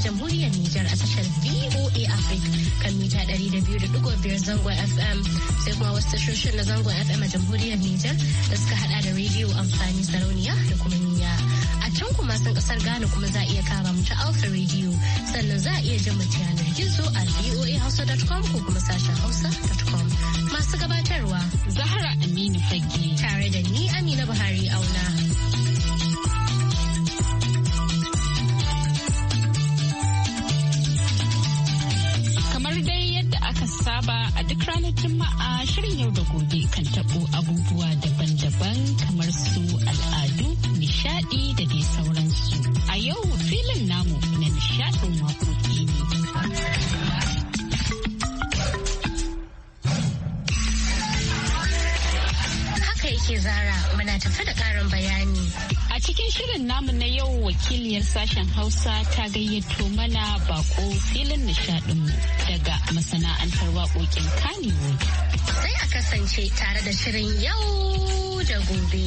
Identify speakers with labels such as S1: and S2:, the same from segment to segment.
S1: jamhuriyar Nijar a tashar VOA Africa kan mita 200.5 zangon FM sai kuma wasu tashoshin na zangon FM a jamhuriyar Nijar da suka hada da rediyo amfani sarauniya da kuma niya. A can kuma sun kasar Ghana kuma za a iya kama mu ta Alpha Radio sannan za a iya jin mu yanar gizo a voahausa.com ko kuma sashen hausa.com. Masu gabatarwa Zahra Aminu Fagge tare da ni Amina Buhari Auna.
S2: abubuwa daban-daban kamar su al'adu, nishadi da dai sauransu. A yau filin namu na nishadin makoki ne.
S1: yake zara muna tafi da karin bayani. A cikin shirin namu na yau
S2: wakiliyar sashen Hausa ta gayyato mana bako filin nishadinmu
S1: daga masana'antar waƙoƙin Kannywood. kasance tare da shirin yau da gobe.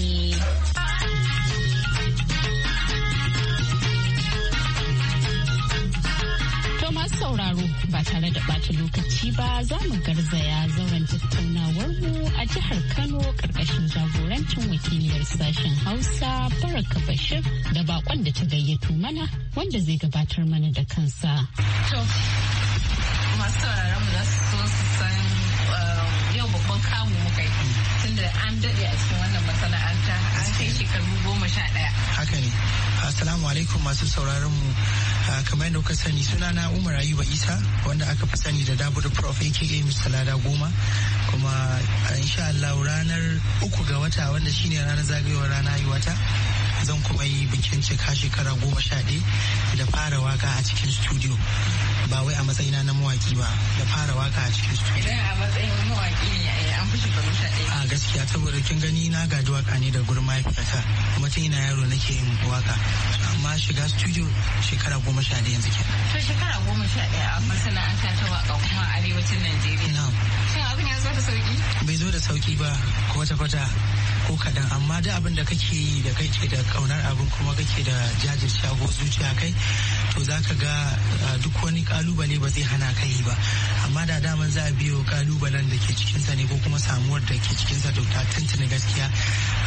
S2: masu sauraro ba tare da ɓata lokaci ba za mu garzaya zauren tattaunawarmu a jihar Kano ƙarƙashin jagorancin wakiliyar sashen Hausa Baraka Bashir da bakon da ta gayyato mana wanda zai gabatar mana da kansa. To, masu sauraron mu da an daɗe a cikin wannan masana'anta an kai shekaru goma sha ɗaya.
S3: Haka ne. Assalamu alaikum masu sauraron mu. Ah, kamar yadda kuka sani suna na Umar Ayuba Isa wanda aka fi sani da Dabudu Prof aka Mr. Lada Goma kuma ah, insha Allah ranar uku ga wata wanda shine ranar zagayowar rana wata zan kuma yi bikin cika shekara goma sha ɗaya da fara waka a cikin studio ba wai a matsayina na mawaki ba da fara waka a cikin
S2: studio. Idan a matsayin mawaki ne an fi
S3: gaskiya saboda kin gani na gaji waka ne da gurin mahaifiyata kuma tun ina yaro nake yin waka amma shiga studio shekara goma sha ɗaya yanzu kenan.
S2: to shekara goma sha ɗaya a masana'anta ta waka kuma a arewacin najeriya. na'am. shin abin ya zo da sauki.
S3: bai zo da sauki ba kwata-kwata ko kaɗan amma duk abin da kake yi da kake da ƙaunar abin kuma kake da jajirce ko zuciya kai to za ka ga duk wani kalubale ba zai hana kai ba amma da daman za a biyo kalubalen da ke cikinsa ne ko kuma samuwar da ke cikin. zato ta tuntuni gaskiya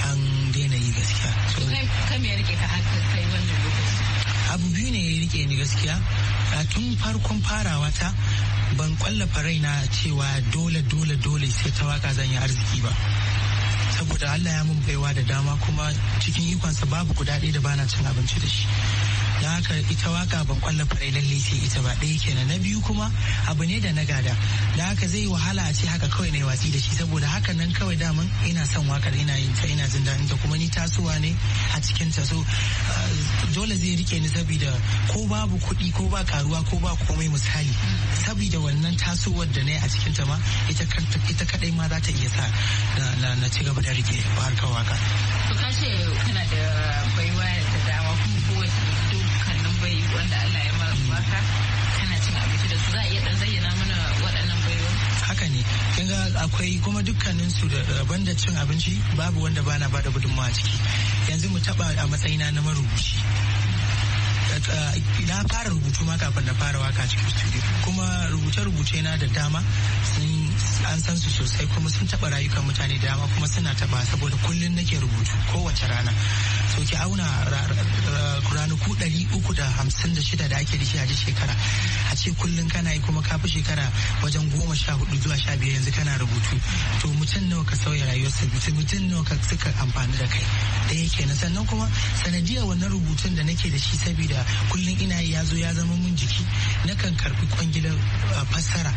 S3: an daina yi gaskiya. So,
S2: kai kam ya rike ka har kai wannan
S3: lokaci? Abu biyu ne ya rike ni gaskiya. a Tun farkon farawa ta ban kwallafa raina cewa dole dole dole sai ta waka zan yi arziki ba. Saboda Allah ya mun baiwa da dama kuma cikin ikonsa babu guda ɗaya da bana cin abinci da shi. da haka ita waka ban kwalla farai lalle sai ita ba ɗaya kenan na biyu kuma abu ne da na gada da haka zai wahala a ce haka kawai na yi watsi da shi saboda haka nan kawai daman ina son wakar ina yin ta ina jin daɗin ta kuma ni tasowa ne a cikin ta so eh, dole zai rike ni saboda ko babu kuɗi ko ba karuwa ko ba komai misali saboda wannan tasowar da na yi a cikin ta ma ita kadai ma za ta iya sa na ci gaba da rike harkar waka.
S2: To ka ce kana da baiwa da dama wanda Allah ya baka kana cin abinci da su za a iya dan zayyana
S3: mana waɗannan baiwa haka ne kin ga akwai kuma dukkanin su da banda cin abinci babu wanda bana bada gudunmawa ciki yanzu mu taba a matsayina na marubuci na fara rubutu ma kafin na fara waka cikin studio kuma rubuce-rubuce na da dama sun an san su sosai kuma sun taɓa rayukan mutane dama kuma suna taɓa saboda kullum nake rubutu kowace rana so ki auna ranaku ɗari uku da hamsin da shida da ake da shi a shekara a ce kullum kana yi kuma kafi shekara wajen goma sha hudu zuwa sha biyar yanzu kana rubutu to mutum nawa ka sauya rayuwarsa mutum nawa ka suka amfani da kai da yake na sannan kuma sanadiyar wannan rubutun da nake da shi saboda kullum ina ya zo ya zama mun jiki na kan karbi kwangilar ah, fassara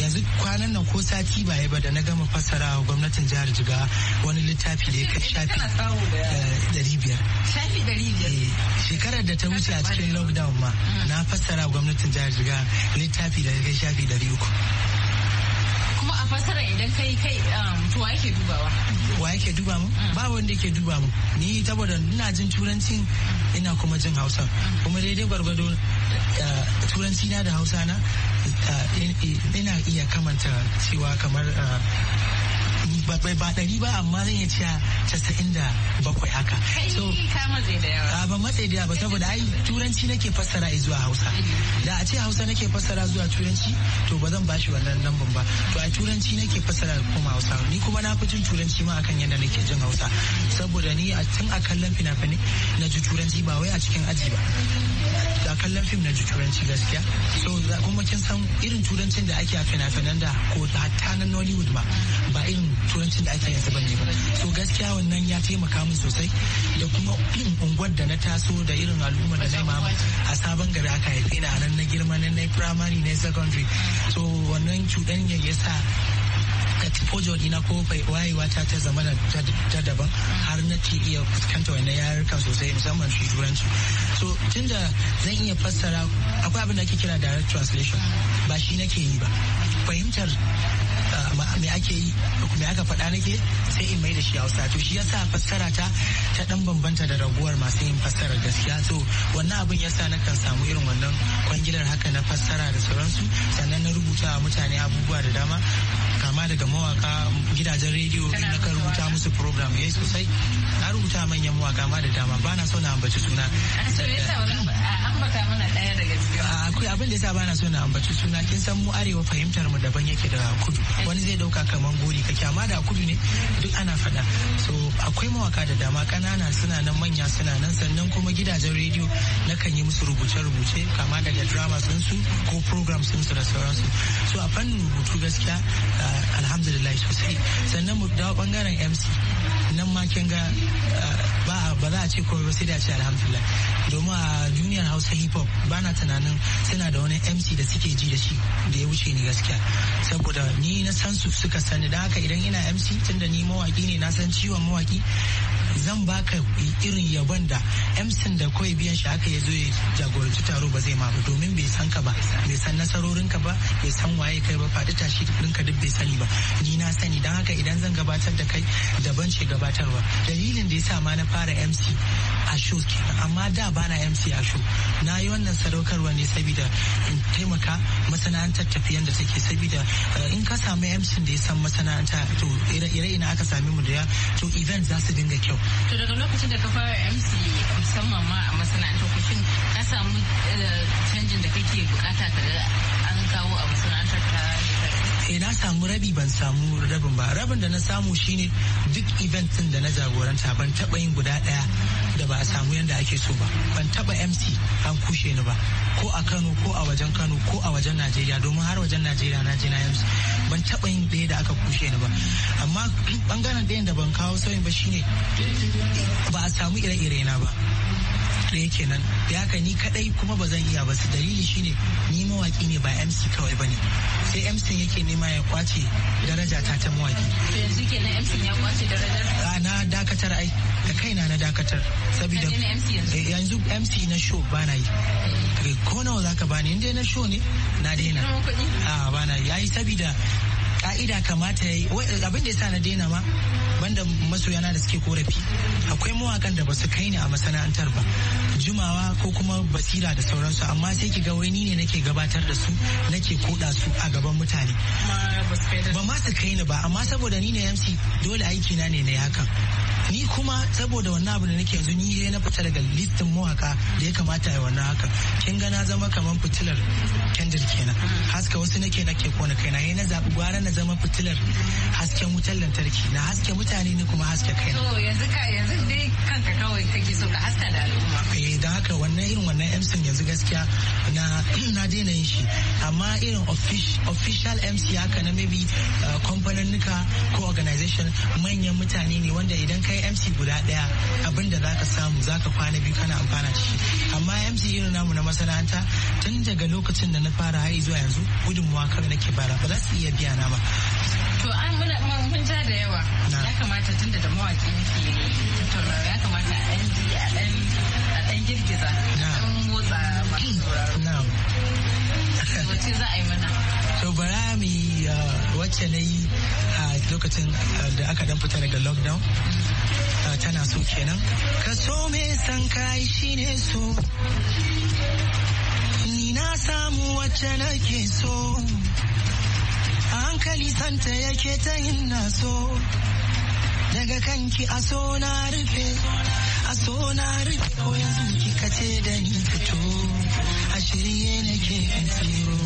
S3: yanzu kwanan nan ko sati ba ba da na gama fassara gwamnatin jihar jiga wani littafi da ya kai shafi dari eh, biyar eh, shekarar da ta wuce a cikin lockdown ma mm. na fassara gwamnatin jihar jiga littafi da ya kai shafi dari uku
S2: fasara idan kai kai um, to wa yake dubawa
S3: wa yake duba mu mm. ba wanda yake duba mu ni saboda ina jin turanci ina kuma jin hausa mm. kuma daidai gwargwado uh, turanci na da hausa na uh, ina iya kamanta cewa kamar uh, ba ɗari ba amma zan iya cewa casa'in da bakwai haka
S2: a ban matse da yawa saboda ai
S3: turanci nake fassara zuwa hausa da a ce hausa nake fassara zuwa turanci to ba zan bashi wannan lambun ba to a turanci nake fassara kuma hausa ni kuma na fi jin turanci ma akan yadda nake jin hausa saboda ni a tun a kallon fina fini na ji turanci ba wai a cikin aji ba da kallon fim na ji turanci gaskiya so za kuma kin san irin turancin da ake a fina-finan da ko hatta na nollywood ma ba irin turancin da ake yanzu ba ne ba so gaskiya wannan ya taimaka min sosai kuma unguwar da na taso da irin al'umma da na mama a sabon gari aka haife ni a nan na girma na na primary na secondary so wannan cuɗan ya sa exposure dina ko wayewa ta ta zama da daban har na ce iya fuskanta wani yarurka sosai musamman shi turanci so tunda zan iya fassara akwai abin da ake kira direct translation ba shi nake yi ba fahimtar me ake yi me aka faɗa nake sai in mai da shi hausa to shi yasa fassara ta ta ɗan bambanta da raguwar masu yin fassara gaskiya to wannan abin yasa na kan samu irin wannan kwangilar haka na fassara da sauransu sannan na rubuta mutane abubuwa da dama kama daga mawaka gidajen rediyo na rubuta musu program yayi sosai na rubuta manyan mawaka ma da dama na so na ambaci suna akwai abin da yasa bana so na ambaci suna kin san mu arewa fahimtar mu daban yake da kudu wani zai dauka kaman gori kake amma da kudu ne duk ana fada so akwai mawaka da dama kanana suna nan manya suna nan sannan kuma gidajen rediyo na kan yi musu rubuce-rubuce kama daga drama sun su ko program sun su da sauransu so a fannin rubutu gaskiya alhamdulillah sosai sannan mu dawo bangaren mc nan ma kin ga ba ba za a ce kowa ba sai da ce alhamdulillah domin a duniyar hausa hip hop ba na tunanin suna da wani mc da suke ji da shi da ya wuce ni gaskiya saboda ni na san su suka sani da haka idan ina mc tunda ni mawaki ne na san ciwon mawaki zan baka irin yabon da emsin da kawai biyan shi aka ya zo ya jagoranci taro ba zai ma ba domin bai san ka ba bai san nasarorinka ba bai san waye kai ba faɗi tashi ka duk bai sani ba ni na sani don haka idan zan gabatar da kai daban ce gabatarwa dalilin da ya sa ma na fara mc a show kenan amma da bana mc a show na yi wannan sadaukarwa ne saboda in taimaka masana'antar tafiyan da take saboda eh, in ka samu mc da ya san masana'anta to ire-ire ina aka sami mu da ya to event za su dinga kyau
S2: to daga lokacin da ka fara mc musamman ma a masana'antu ku shin ka samu eh, canjin da kake bukata ka an kawo a masana'antar
S3: ta eh na samu rabi ban samu rabin ba rabin da na samu shine duk event din da na jagoranta ban taba yin guda daya da ba a samu yadda ake so ba ban taba mc an kushe ni ba ko a kano ko a wajen kano ko a wajen najeriya domin har wajen najeriya na jina na mc ban taba yin daya da aka kushe ni ba amma bangaren ɗayan da ban kawo sauyin ba shine ba a samu ire-ire na ba ɗaya kenan da haka ni kadai kuma ba zan iya ba su dalili shine ni mawaki ne ba MC kawai bane sai MC yake nema ya kwace daraja ta ta mawaki
S2: to yanzu kenan MC ya kwace daraja
S3: na dakatar ai da kaina na dakatar saboda yanzu eh, MC na show bana yi eh. Eh, ko nawa zaka bani inda na show ne na daina a bana yi ai saboda ka'ida kamata ya yi abin da ya sa na daina ma banda masoyana da suke korafi akwai mawakan da ba su kai ni a masana'antar ba jumawa ko kuma basira da sauransu amma sai ki ga wai ni ne nake gabatar da su nake koda su a gaban mutane ba ma su kai ni ba amma saboda ni ne MC dole aikina ne na hakan ni kuma saboda wannan abu da nake yanzu ni na fita daga listin mawaka da ya kamata ya wannan haka kin ga na zama kaman fitilar kendir kenan haska wasu nake nake kona kaina yayin na zabi gwara na zama fitilar hasken wutar lantarki na haske mutane ne kuma haske kaina to
S2: yanzu ka yanzu dai kanka kawai kake so ka haska da al'umma
S3: eh dan haka wannan irin wannan MC yanzu gaskiya na na daina yin shi amma irin official MC haka na maybe eh, kamfanin ko organization manyan mutane ne wanda idan kai kai mc guda daya abinda zaka samu zaka kwana biyu kana amfana da shi amma mc irin namu na masana'anta tun daga lokacin da na fara har zuwa yanzu gudunmuwa kawai nake bara ba za su iya biya na ba
S2: to an mun ja da yawa ya kamata tun da mawaki yake tattauna ya kamata a yan ji a dan a dan girgiza ɗan motsa masu sauraro wace za a yi mana to
S3: bara mu yi Da wacce na yi a lokacin da aka dan fita daga lockdown tana so kenan ka so me san kai shine so ni na samu wacce na ke so hankali santa yake ta yin na so daga kanki a so na rufe a so na rufe ko yanzu kika ce da ni fito a shirye nake in tsiro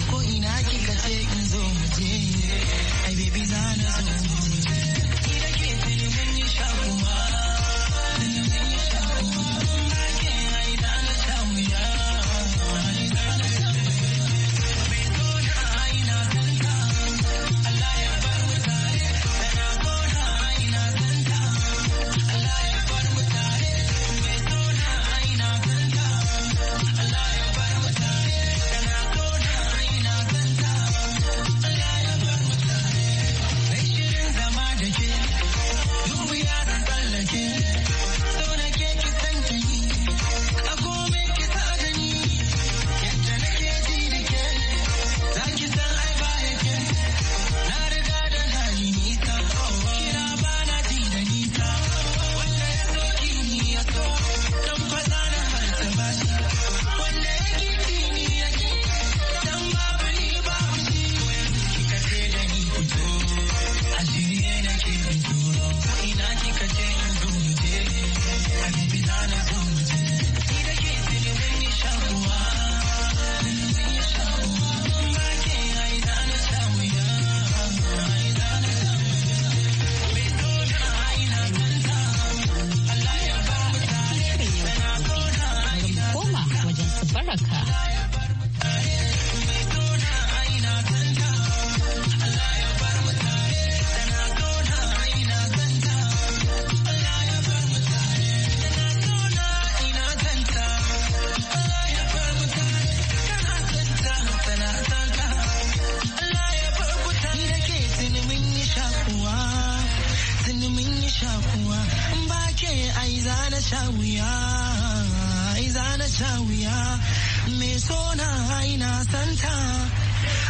S3: so na ina santa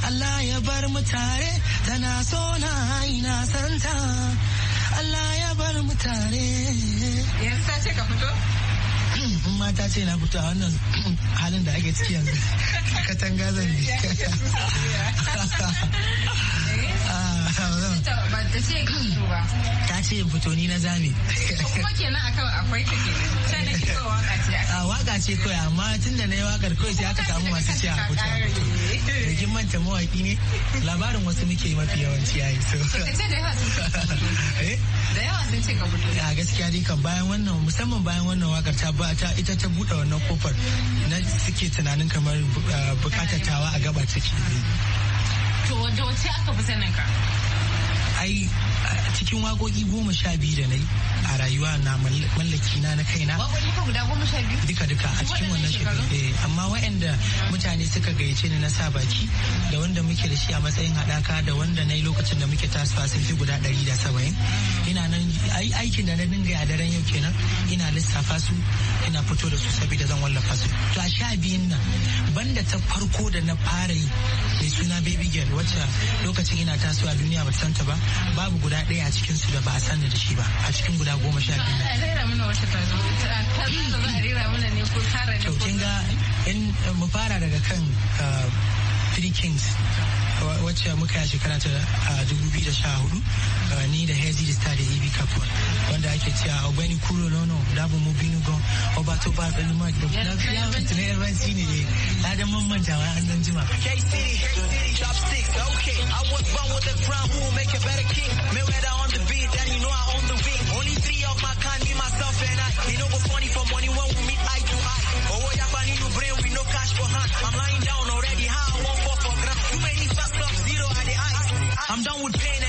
S3: Allah ya bar mu tare tana so na santa Allah ya bar mu tare yanzu ta ce ka fito mata ce na fito a wannan halin da ake ciki yanzu katanga zan bi ta ce fito ni na zame
S2: kuma kenan akan akwai ta kenan
S3: waka ce kawai amma tun da na yi wakar kawai sai aka samu masu ci a kuta rigin manta mawaki ne labarin wasu muke mafi yawanci yayi so da yawa sun ce ka eh? a gaskiya dai kan bayan wannan musamman bayan wannan wakar ta ba ita ta bude wannan kofar na suke tunanin kamar eh, bukatar tawa a gaba ciki
S1: to
S2: wace aka fi sanin ka
S3: ai cikin wagogi goma sha biyu da na a rayuwa na mallaki na na kaina.
S1: guda goma sha biyu?
S3: Duka duka a cikin wannan shekaru. Eh, amma waɗanda mutane suka gayyace ni na sa baki da wanda muke da shi a matsayin haɗaka da wanda na yi lokacin da muke tasowa sun fi guda ɗari da saba'in. Ina nan aikin da na dinga a daren yau kenan ina lissafa su ina fito da su saboda zan wallafa su. To a sha biyun nan banda ta farko da na fara yi mai suna baby girl wacce lokacin ina tasowa duniya ba ta ba babu guda guda ɗaya a cikin su da ba a sani da shi ba a cikin guda goma sha biyu.
S2: Ana rera mana wata tazo ta za a rera mana ne ko tara ne. To kin ga
S3: in eh, mu fara daga kan uh, Three Kings wacce muka yi shekara ta 2014 uh, ni da Hezzy Star da AB Capone wanda ake cewa Ogbeni Kuro Lono Dabo Mobinu Gon Obato Ba Tsaluma na fiya wanta na yarban ne ne na da mamanta wa an dan jima. KC, chopsticks, okay. I was born with the crown who will make a better king. Mayweather on the beat, then you know I own the ring. Only three of my kind, me, myself, and I. You know go funny for money when we meet eye to eye. Oh, what up, I need new brain we no cash for hand. I'm lying down already, how I won't fall for ground. Too many fast clubs, zero at the ice. I'm done with pain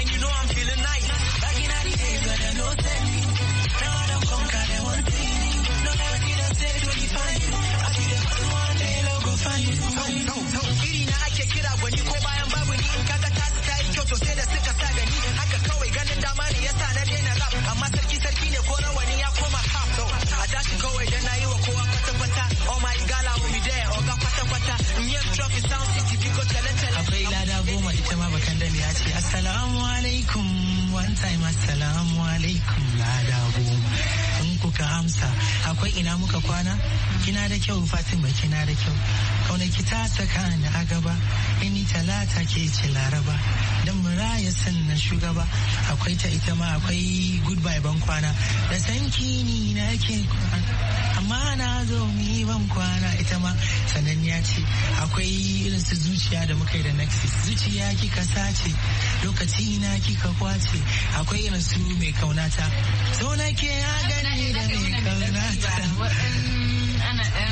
S3: ina muka kwana kina da kyau fatima kina da kyau kaunaki ta saka ni a gaba ini talata ke ce laraba dan muraya na shugaba akwai ta ita ma akwai goodbye ban kwana da sanki ni na ke kwana amma na zo mu yi ban kwana ita ma sanan ya ce akwai irin su zuciya da muka yi da nexus zuciya kika sace lokaci na kika kwace akwai irin su mai kaunata so na ke ya gani da mai kaunata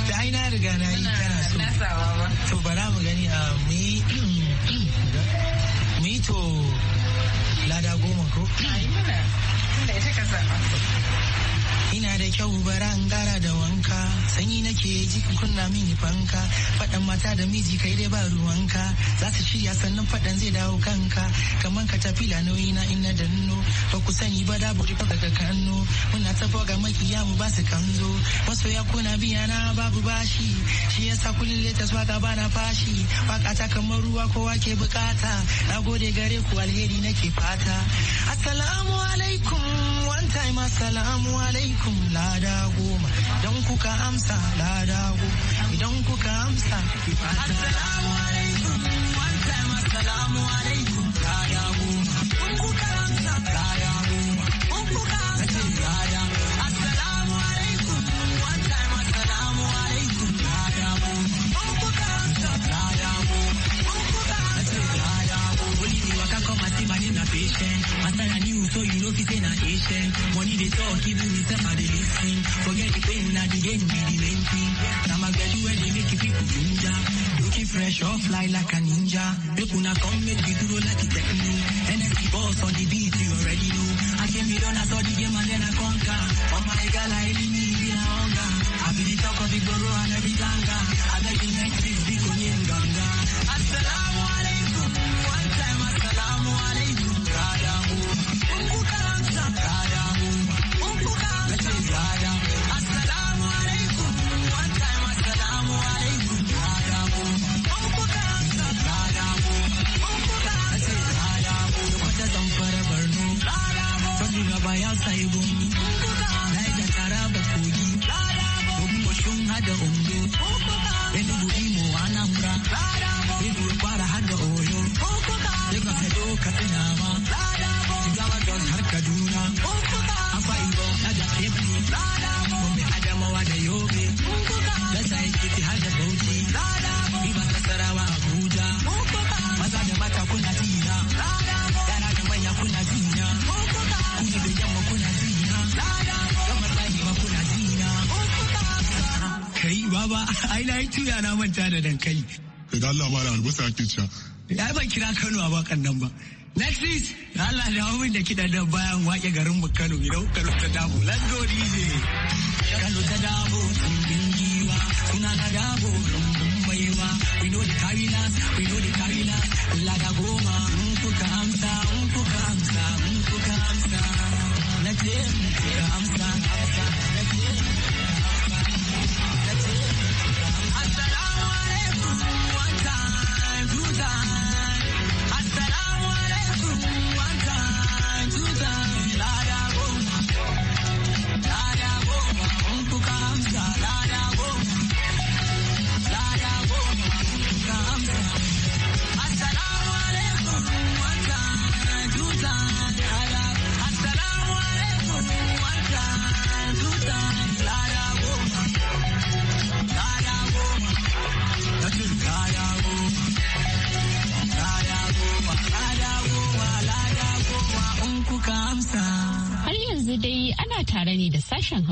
S3: da ai na riga na yi kana so to bara mu gani a ah, mu yi mu yi to lada goma ko? Ayi mana, tunda ita ka ina da kyau bara in gara da wanka sanyi nake ji kunna mini fanka faɗan mata da miji kai dai ba ruwanka za ta shirya sannan faɗan zai dawo kanka kaman ka tafi la nauyi na ina da nno ba ku sani ba da buri ba daga kanno muna ta foga makiya mu ba su kanzo masoya kuna biya na babu bashi shi yasa kullum letas waka bana fashi waka ta kamar ruwa ko ke bukata na gode gare ku alheri nake fata assalamu alaikum one time assalamu alaikum alaikum lada goma kuka amsa lada idan kuka amsa assalamu
S1: alaikum one time assalamu alaikum
S2: lada goma kuka amsa lada goma kuka amsa lada assalamu alaikum one time
S3: assalamu alaikum lada goma kuka amsa lada goma kuka amsa lada goma waka na patient you know fit na patient money dey talk even fresh fly like a ninja. Make una come make we duro like a techno. Energy boss on the beat. arewa ya sayi gombe taraba kogi ogun hada ondo enugu imo anambra enugu kwara hada oyo daga edo katsina ma jigawa har kaduna akwa ibom na da da yobe da sa ikiti ba ai na yi tuya na manta da dankali ga Allah ma da albasa ake cewa Ya ban kira Kano a bakan nan ba next is Allah da hawo da kiɗa da bayan waƙe garin mu Kano idan Kano ta dabo let's go DJ Kano ta dabo rumbin giwa kuna ta dabo rumbin baiwa. we know the carry we know the carry la da goma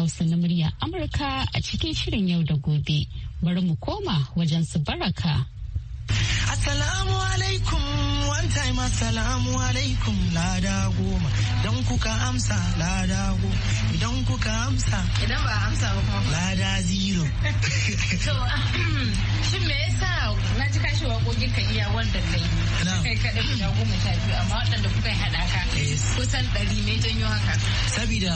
S2: Hausa na murya Amurka a cikin shirin yau da gobe. Bari mu koma wajen su baraka.
S3: Assalamu alaikum one time assalamu alaikum lada goma idan kuka amsa lada goma idan kuka amsa idan ba amsa ba kuma lada zero
S1: to
S2: shin me yasa na ji kashi waƙoƙin ka iya wanda kai Na. kai kaɗai guda goma sha biyu amma waɗanda kuka yi haɗaka kusan ɗari ne janyo haka sabida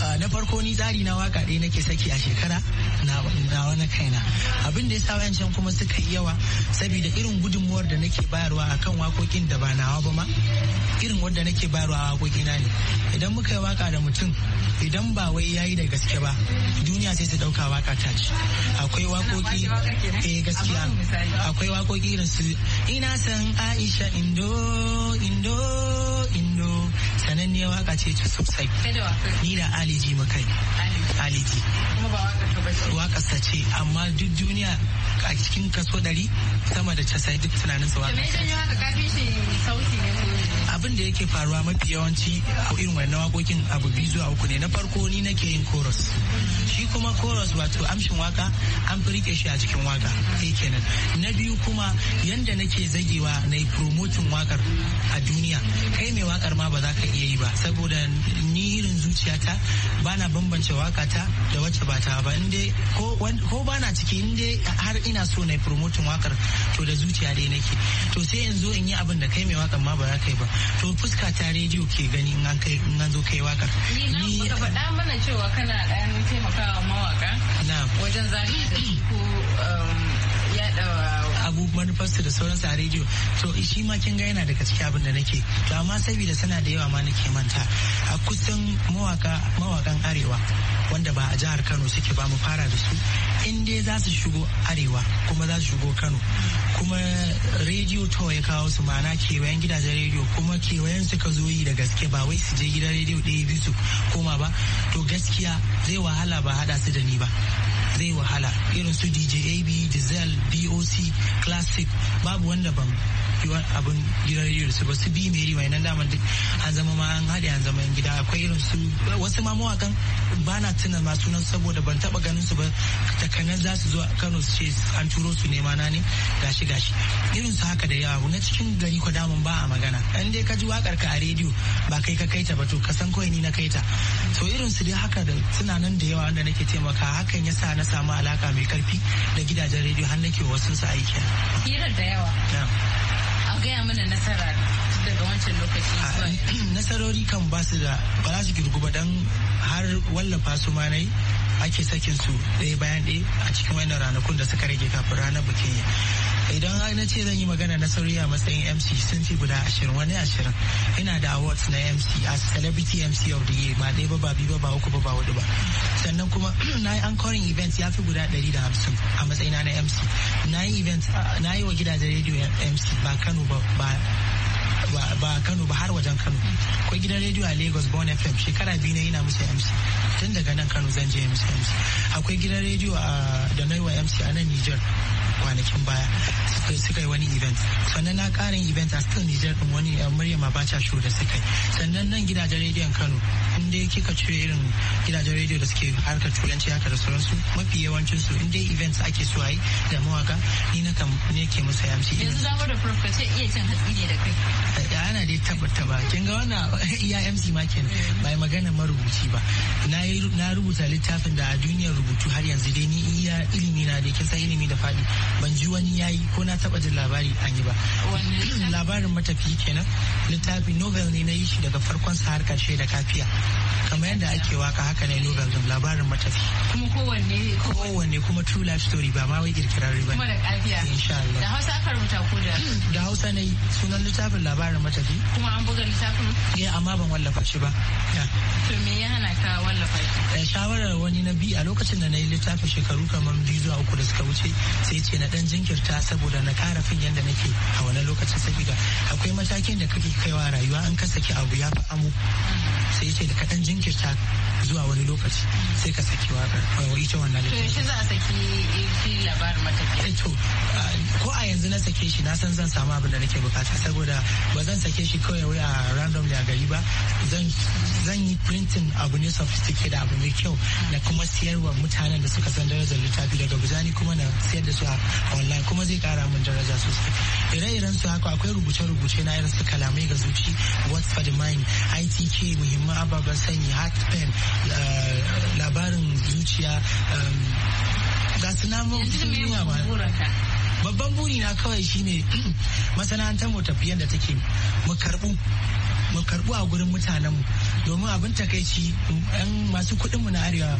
S3: na farko ni tsari na waka ɗaya nake saki a shekara na wani kaina abin da ya sa wayancan kuma suka yi yawa saboda irin gudunmuwar da nake bayarwa a kan wakokin da ba nawa ba ma irin wanda nake bayarwa a wakokina ne idan muka yi waka da mutum idan ba wai ya yi da gaske ba duniya sai su ɗauka waka ta ci akwai wakoki eh gaskiya akwai wakoki irin su ina san Aisha indo indo indo sananniyar waka ce sosai ni da aliji makai aliji waka ce amma duk duniya a cikin kaso ɗari sama da casa'in duk tunanin sa waka. Abin da yake faruwa mafi yawanci a irin wannan wakokin abu biyu zuwa uku ne na farko ni nake yin chorus shi kuma chorus wato amshin waka an fi rike shi a cikin waka eh kenan na biyu kuma yanda nake zagewa na yi promoting wakar a duniya kai mai wakar ma ba za ka iya yi ba saboda ni irin zuciyata ba na bambance wakata da wacce ba ta ba ko bana ciki inda har ina so na promotin wakar to da zuciya dai nake to sai yanzu in yi abin da kai mai wakar ma ba za kai ba to fuska ta rediyo ke gani in an kai in an zo kai wakar
S2: ni na faɗa mana cewa kana ɗan taimakawa mawaka wajen zari da
S3: ko um, yaɗa abubuwan manufarsu da sauransu a rediyo to shi ma kin ga yana daga cikin abin da nake to amma saboda sana da yawa ma nake manta a kusan mawaka mawakan arewa wanda ba a jihar Kano suke ba mu fara da su in dai za su shigo arewa kuma za su shigo Kano kuma rediyo to ya kawo su ma'ana kewayen gidajen rediyo kuma kewayen suka zo yi da gaske ba wai su je gidan rediyo ɗaya biyu koma ba to gaskiya zai wahala ba hada su da ni ba zai wahala irin su dj ab diesel boc classic babu wanda ban yiwa abin gidan rediyo su ba su bi mai riwaye nan daman duk an zama ma an haɗe an zama gida akwai irin su wasu ma mawakan ba na tuna ma sunan saboda ban taɓa ganin su ba takanan za su zo Kano su ce an turo su nema na ne gashi gashi irin su haka da yawa na cikin gari ko damun ba a magana an dai ka ji wakar ka a rediyo ba kai ka kaita ba to ka san kawai ni na kaita to irin su dai haka da suna nan da yawa wanda nake taimaka hakan ya sa na samu alaka mai karfi da gidajen rediyo har nake wasu su aiki.
S2: Hirar da yawa. gaya mana nasara
S3: daga wancan lokaci nasarori kan ba su da ba za su girgu ba dan har wallafa su ma nai ake sakin su ɗaya bayan ɗaya a cikin wannan ranakun da suka rage kafin ranar bikin idan na ce zan yi magana na sauri a matsayin mc sun fi guda ashirin wani ashirin ina da awards na mc a celebrity mc of the year ba dai ba ba biyu ba ba uku ba ba hudu ba sannan kuma na yi anchoring event ya fi guda ɗari da hamsin a matsayina na mc na yi events na yi wa gidajen radio mc ba kano ba ba Kano ba har wajen Kano. Akwai gidan rediyo a Lagos born FM shekara biyu ne yana musu MC. Tun daga nan Kano zan je musu MC. Akwai gidan rediyo da naiwa MC a nan Niger kwanakin baya suka yi wani event sannan na karin event a still Niger din wani eh, Maryam Abacha show da suka yi sannan nan gidajen rediyon Kano inda kika cire irin gidajen rediyo da suke harkar turanci haka da sauransu mafi yawancin su inda events ake so ayi da mawaka ni na kan ne ke musu yamci yanzu
S2: zamu da prof kace iya cin hatsi ne da kai eh,
S3: eh, ana dai tabbata ba kin ga wannan iya MC ma kenan mm. bai magana marubuci ba na na rubuta littafin da a duniyar rubutu har yanzu dai ni iya ilimi na dai kin san ilimi da fadi ban ji wani ya yi ko na taba jin labari an yi ba labarin matafi kenan littafi novel ne na yi shi daga farkon sa har karshe da kafiya kamar yadda ake waka haka ne novel din labarin matafi kuma kowanne kowanne kuma true life story ba ma wai kirkirar ba kuma da kafiya insha Allah da Hausa aka rubuta ko da da Hausa ne sunan littafin labarin matafi kuma an buga littafin eh amma ban wallafa shi ba to
S2: me ya hana ka wallafa
S3: shi eh, shawarar wani na bi a lokacin da na yi littafin shekaru kamar biyu zuwa uku da suka wuce sai ce na dan jinkirta saboda na kara fin yadda nake a wani lokaci saboda akwai matakin da kake kaiwa rayuwa an ka saki abu ya fi amu sai ce da ka dan jinkirta zuwa wani lokaci sai ka saki wakar ita wannan to yaushe za a saki shi labarin matafiya eh, to ko a yanzu na sake shi na san zan samu abin da nake bukata saboda ba zan sake shi kawai wai a random a gari ba zan yi printing abu ne sophisticated abu mai kyau na kuma siyarwa mutanen da suka san darajar littafi daga bizani kuma na siyar da su a online kuma zai kara min daraja sosai ire-iren su haka akwai rubuce-rubuce na irin su kalamai ga zuci what's for the mind itk muhimman ababen sanyi heart pain Eh, labarin zuciya gasu su namun duniya ba babban na kawai shine masana'antar mu tafiyan da take mu karbu mu karbu a gurin mutanen mu domin abin takaici yan masu kuɗin mu na arewa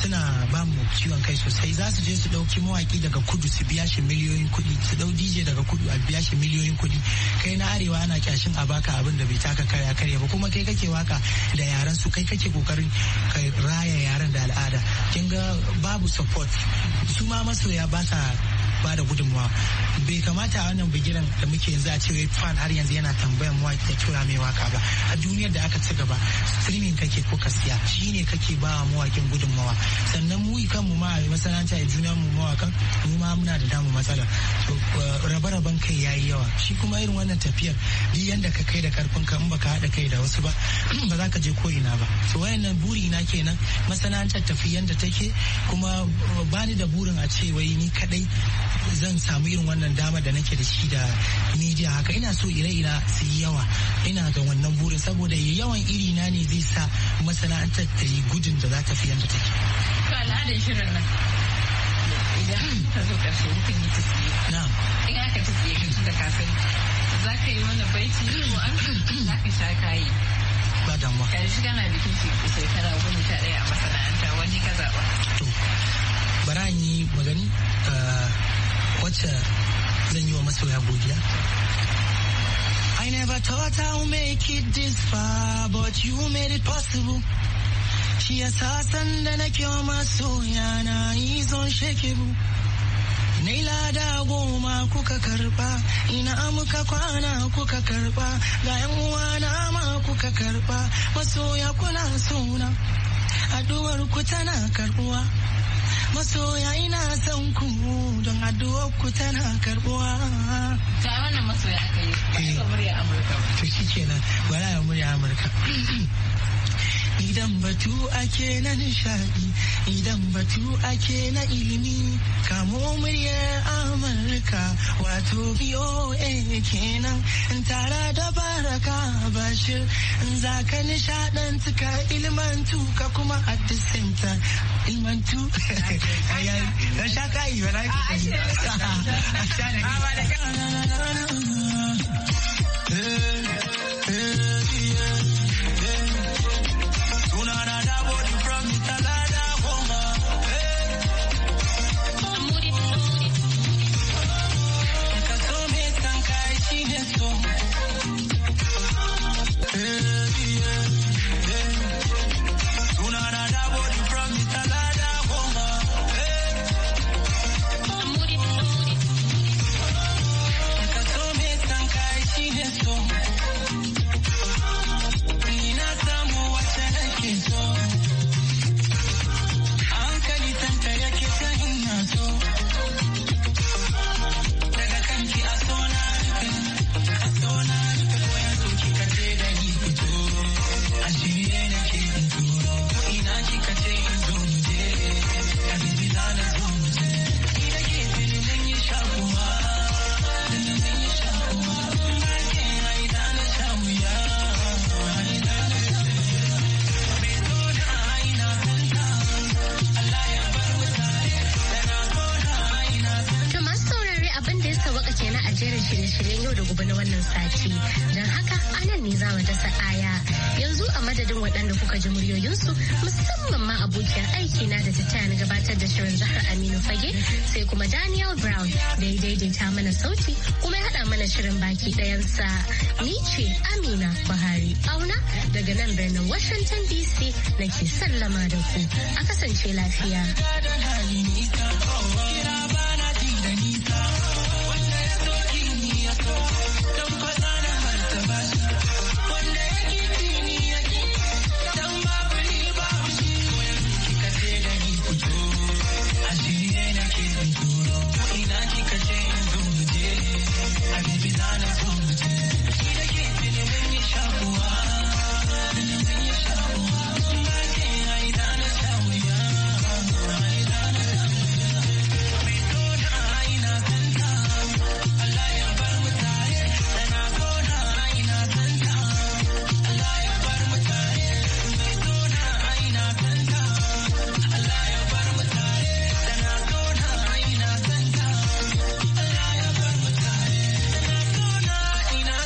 S3: suna ba mu ciwon kai sosai za su je su ɗauki mawaki daga kudu su biya shi miliyoyin kuɗi su ɗau DJ daga kudu a biya shi miliyoyin kuɗi kai na arewa ana kyashin a baka abin da bai taka karya karya ba kuma kai kake waka da yaran su kai kake kokarin ka raya yaran da al'ada kin ga babu support su ma masoya ba sa ba da gudunmawa bai kamata a wannan bigiran da muke yanzu a ce wai fan har yanzu yana tambayan mu ta tura mai waka ba a duniyar da aka ci gaba streaming kake ko ka siya shine kake ba wa mawakin gudunmawa sannan mu kanmu ma a masana'anta a juna mu mawakan mu ma muna da damu matsala eh, rabe-raben kai yayi yawa shi kuma irin wannan tafiyar duk yanda ka kai da karfin ka in baka haɗa kai da wasu ba ba za ka je ko ina ba to wayannan buri na kenan masana'antar tafi yanda take kuma bani da burin a ce wai ni kadai zan samu irin wannan dama da nake da shi da media haka ina so ire-ira su yi yawa ina ga wannan burin saboda yawan iri na ne zai sa masana'antar ta yi gudun da za ta fi yadda take. To hmm. Na. Ba damuwa.
S2: bikin shekara goma sha daya a masana'anta wani ka zaɓa. To
S3: yi magani eh, wacce zan yi wa masoya godiya I never thought I would make it this far, but you made it possible. Shi yasa san da nake wa masoya na yi zon shekebu. Naila da goma kuka karba, ina amuka kwana kuka karba, ga yan uwana ma kuka karba, masoya kuna suna, addu'ar ku tana karbuwa. masoya ina son ku don addu'ar ku tana karbuwa ta wannan masoya aka yi ba eh. murya amurka ba to shikenan wala murya amurka idan batu ake na nishadi idan batu ake na ilimi kamo muryar amurka wato BOA kenan in tara da baraka bashir za ka nishadantu ka ilmantu ka kuma at the same time ilmantu na sha kayi ba na ke a sha da
S1: sauti kuma ya haɗa mana shirin baki ɗayansa. Ni ce Amina Buhari auna daga nan birnin Washington DC nake sallama da ku. A kasance lafiya.
S3: mornings.